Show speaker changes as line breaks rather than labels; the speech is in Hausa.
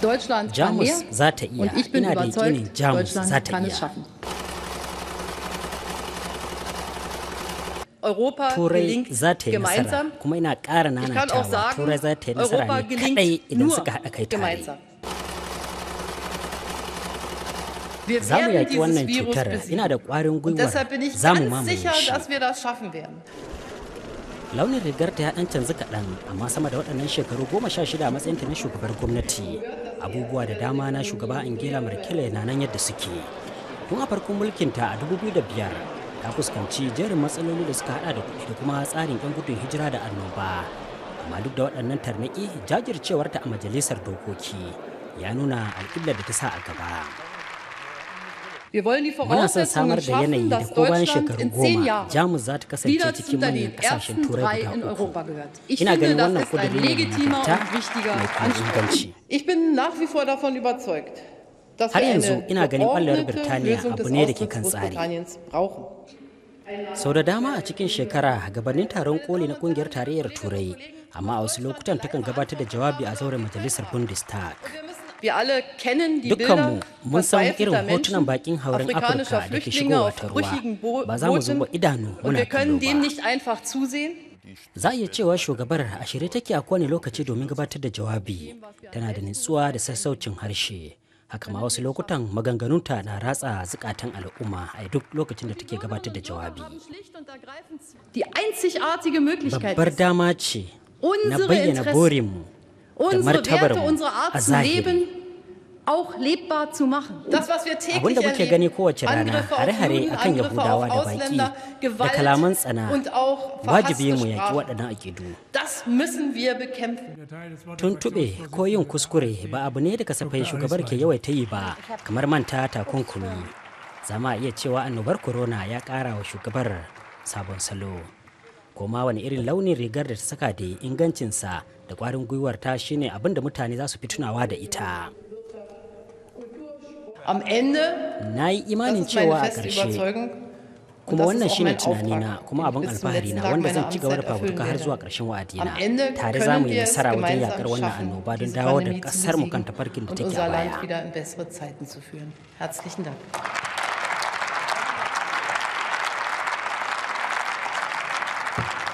Deutschland Jamus kann mehr. Und ich bin überzeugt, Deutschland kann es schaffen. Europa Turai gelingt gemeinsam. ta yi nasara kuma ina ƙara nanatawa Turai za ta yi nasara ne kaɗai idan suka haɗa kai tare. Za mu yaƙi wannan cutar ina da ƙwarin gwiwar za mu mamaye shi. Launin rigarta ya ɗan canzu kaɗan amma sama da waɗannan shekaru goma sha shida a matsayinta na shugabar gwamnati. abubuwa da dama na shugaba angela merkel na nan yadda suke tun a farkon mulkinta a 2005 ta fuskanci jerin matsaloli da suka hada da kuɗi da kuma tsarin 'yan gudun hijira da annoba amma duk da waɗannan tarnaƙi jajircewarta a majalisar dokoki ya nuna alƙiblar da ta sa a gaba Muna samar da yanayi da ko bayan shekaru goma Jamus za ta kasance cikin manyan kasashen Turai guda uku. Ina ganin wannan kudiri ne nagarta mai kuma inganci. Har yanzu ina ganin ɓallewar Birtaniya abu ne da ke kan tsari. Sau da dama a cikin shekara gabanin taron koli na kungiyar tarayyar Turai, amma a wasu lokutan takan gabatar da jawabi a zauren majalisar Bundestag. Dukkanmu mun san irin hotunan bakin hauren Afirka da ke auf brüchigen Ba za mu zuba idanu muna kallo ba. Za a iya cewa shugabar a shirye take a kowane lokaci domin gabatar da jawabi. Tana da nutsuwa da sassaucin harshe. haka ma wasu lokutan maganganunta na ratsa zukatan al'umma a duk lokacin da take gabatar da jawabi. Babbar dama ce na bayyana borinmu unsere Werte, unsere Art zu leben auch lebbar zu machen. Das, was wir täglich muke gani kowace rana hare-hare akan Yahudawa da baki da kalaman tsana wajibi mu yaki waɗannan akidu. Tuntuɓe ko yin kuskure ba abu ne da kasafai shugabar ke yawaita yi ba kamar manta takunkumi. Zama iya cewa annobar corona ya ƙara wa shugabar sabon salo. koma wani irin launin rigar da ta saka da ingancinsa da kwarin gwiwar ta shine abin da mutane za su fi tunawa da ita na yi imanin cewa a ƙarshe kuma wannan shine tunani na, kuma abin alfahari na wanda zan ci gaba da fafutuka har zuwa ƙarshen wa'adina tare za mu yi nasara wajen yakar wannan annoba don dawo da ƙasar mu kan tafarkin da take a baya Thank you.